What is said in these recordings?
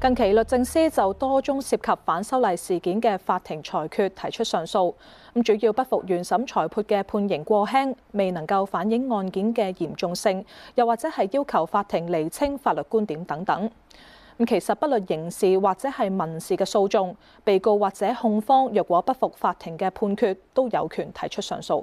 近期律政司就多宗涉及反修例事件嘅法庭裁決提出上訴，咁主要不服原審裁判嘅判刑過輕，未能夠反映案件嘅嚴重性，又或者係要求法庭釐清法律觀點等等。咁其實不論刑事或者係民事嘅訴訟，被告或者控方若果不服法庭嘅判決，都有權提出上訴。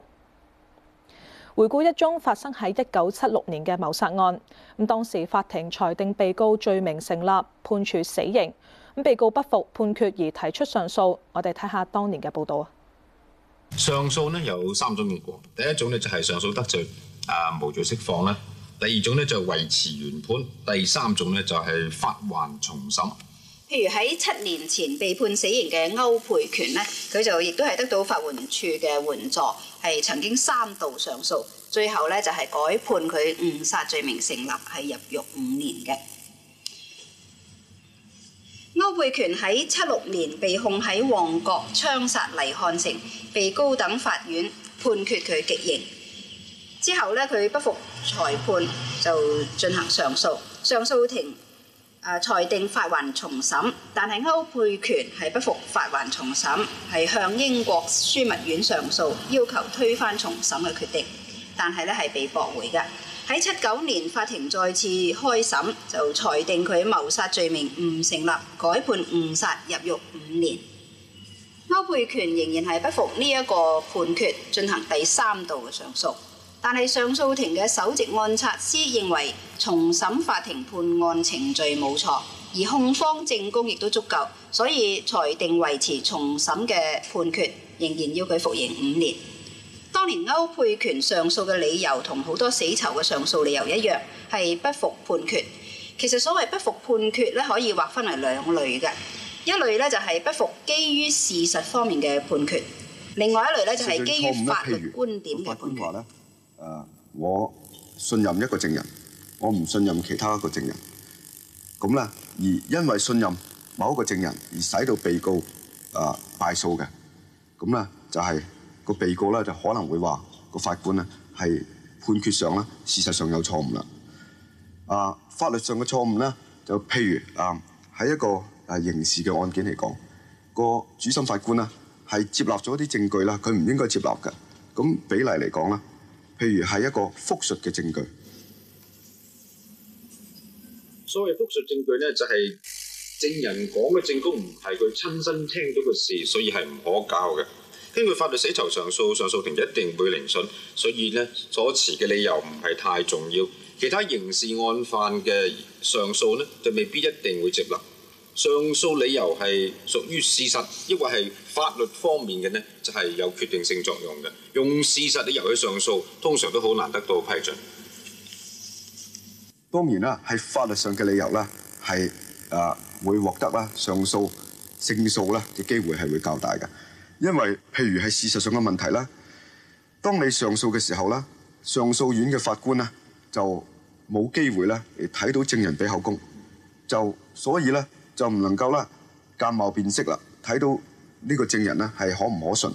回顧一宗發生喺一九七六年嘅謀殺案，咁當時法庭裁定被告罪名成立，判處死刑。咁被告不服判決而提出上訴，我哋睇下當年嘅報道。上訴呢有三種結果，第一種呢就係上訴得罪，啊無罪釋放啦；第二種呢就係維持原判；第三種呢就係發還重審。譬如喺七年前被判死刑嘅歐培權呢，佢就亦都係得到法援處嘅援助，係曾經三度上訴，最後呢，就係改判佢誤殺罪名成立，係入獄五年嘅。歐培權喺七六年被控喺旺角槍殺黎漢城，被高等法院判決佢極刑，之後呢，佢不服裁判就進行上訴，上訴庭裁定發還重審，但係歐佩權係不服發還重審，係向英國樞密院上訴，要求推翻重審嘅決定，但係呢係被駁回嘅。喺七九年法庭再次開審，就裁定佢謀殺罪名唔成立，改判誤殺入獄五年。歐佩權仍然係不服呢一個判決，進行第三度嘅上訴。但係上訴庭嘅首席按察司認為重審法庭判案程序冇錯，而控方證供亦都足夠，所以裁定維持重審嘅判決，仍然要佢服刑五年。當年歐佩權上訴嘅理由同好多死囚嘅上訴理由一樣，係不服判決。其實所謂不服判決咧，可以劃分為兩類嘅，一類咧就係不服基於事實方面嘅判決，另外一類咧就係基於法律觀點嘅判決。誒，我信任一個證人，我唔信任其他一個證人。咁呢，而因為信任某一個證人，而使到被告誒敗訴嘅，咁呢就係個被告呢就可能會話個法官呢係判決上呢事實上有錯誤喇。啊，法律上嘅錯誤呢，就譬如啊，喺一個誒刑事嘅案件嚟講，個主審法官呢係接納咗一啲證據喇，佢唔應該接納嘅。咁比例嚟講呢。譬如係一個複述嘅證據，所謂複述證據咧，就係證人講嘅證供唔係佢親身聽到嘅事，所以係唔可靠嘅。根據法律，死囚上訴，上訴庭一定會聆訊，所以咧所持嘅理由唔係太重要。其他刑事案犯嘅上訴咧，就未必一定會接納。上訴理由係屬於事實，抑或係法律方面嘅呢，就係、是、有決定性作用嘅。用事實理由去上訴，通常都好難得到批准。當然啦，喺法律上嘅理由咧，係誒、呃、會獲得啦上訴勝訴啦嘅機會係會較大嘅，因為譬如係事實上嘅問題啦，當你上訴嘅時候咧，上訴院嘅法官咧就冇機會咧嚟睇到證人俾口供，就所以咧。就唔能夠啦，鑑貌辨色啦，睇到呢個證人咧係可唔可信？